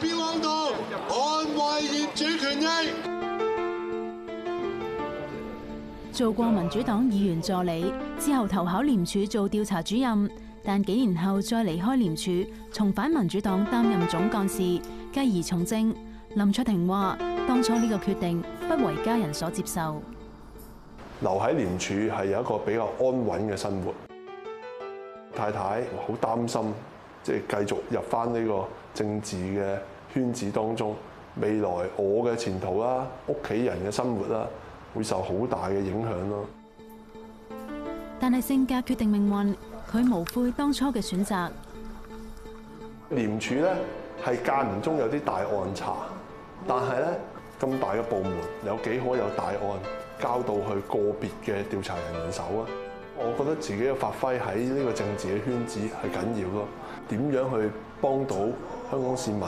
標行到，捍衛業主權益。做過民主黨議員助理，之後投考廉署做調查主任，但幾年後再離開廉署，重返民主黨擔任總幹事，繼而從政。林卓廷話：當初呢個決定不為家人所接受。留喺廉署係有一個比較安穩嘅生活，太太好擔心。即係繼續入翻呢個政治嘅圈子當中，未來我嘅前途啦，屋企人嘅生活啦，會受好大嘅影響咯。但係性格決定命運，佢無悔當初嘅選擇。廉署咧，係間唔中有啲大案查，但係咧，咁大嘅部門有幾可有大案交到去個別嘅調查人員手啊？我覺得自己嘅發揮喺呢個政治嘅圈子係緊要咯，點樣去幫到香港市民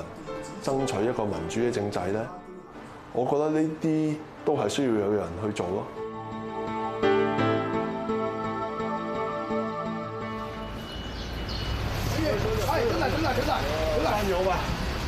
爭取一個民主嘅政制咧？我覺得呢啲都係需要有人去做咯。哎，真係真係真係，加油吧！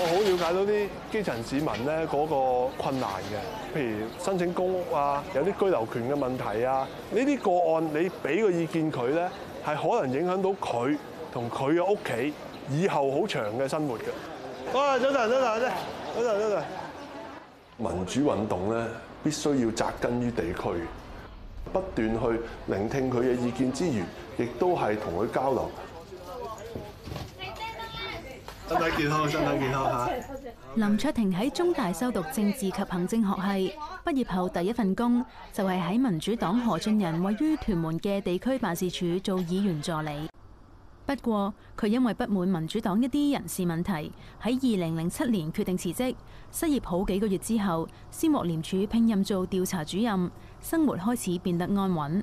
我好了解到啲基層市民咧嗰個困難嘅，譬如申請公屋啊，有啲居留權嘅問題啊，呢啲個案你俾個意見佢咧，係可能影響到佢同佢嘅屋企以後好長嘅生活嘅。喂，早晨，早晨，早晨，早晨，早晨。民主運動咧，必須要扎根於地區，不斷去聆聽佢嘅意見之餘，亦都係同佢交流。身體健康，身體健康吓。林卓廷喺中大修讀政治及行政學系，畢業後第一份工就係喺民主黨何俊仁位於屯門嘅地區辦事處做議員助理。不過，佢因為不滿民主黨一啲人事問題，喺二零零七年決定辭職。失業好幾個月之後，先獲廉署聘任做調查主任，生活開始變得安穩。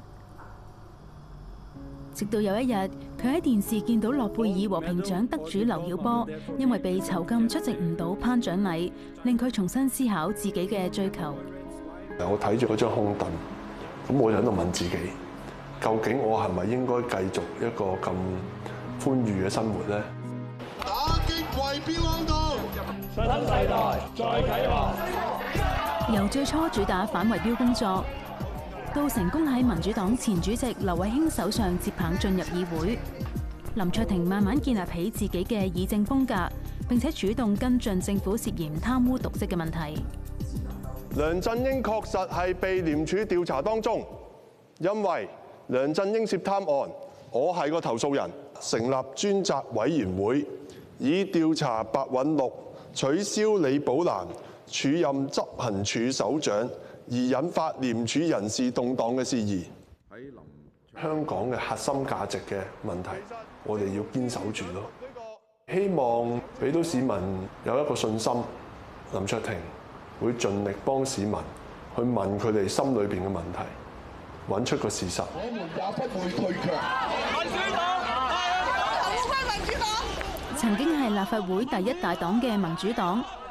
直到有一日，佢喺電視見到諾貝爾和平獎得主劉曉波，因為被囚禁出席唔到頒獎禮，令佢重新思考自己嘅追求。我睇住嗰張空凳，咁我就喺度問自己：究竟我係咪應該繼續一個咁寬裕嘅生活咧？打擊圍標行動，新世代再啟航。由最初主打反圍標工作，到成功喺民主黨前主席劉慧卿手上接棒進入議會，林卓廷慢慢建立起自己嘅議政風格，並且主動跟進政府涉嫌貪污瀆職嘅問題。梁振英確實係被廉署調查當中，因為梁振英涉貪案，我係個投訴人，成立專責委員會以調查白韞六，取消李寶蘭署任執行處首長。而引發廉署人士動盪嘅事宜。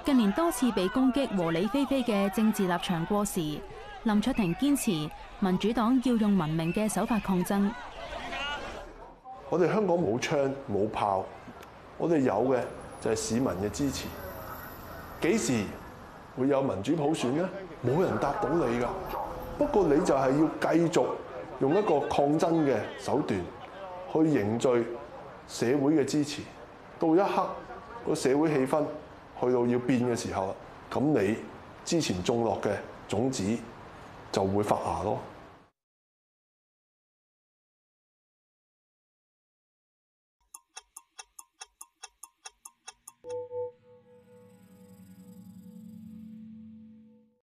近年多次被攻擊和理非非嘅政治立場過時，林卓廷堅持民主黨要用文明嘅手法抗爭。我哋香港冇槍冇炮，我哋有嘅就係市民嘅支持。幾時會有民主普選呢？冇人答到你㗎。不過你就係要繼續用一個抗爭嘅手段去凝聚社會嘅支持，到一刻個社會氣氛，去到要變嘅時候啦，咁你之前種落嘅種子就會發芽咯。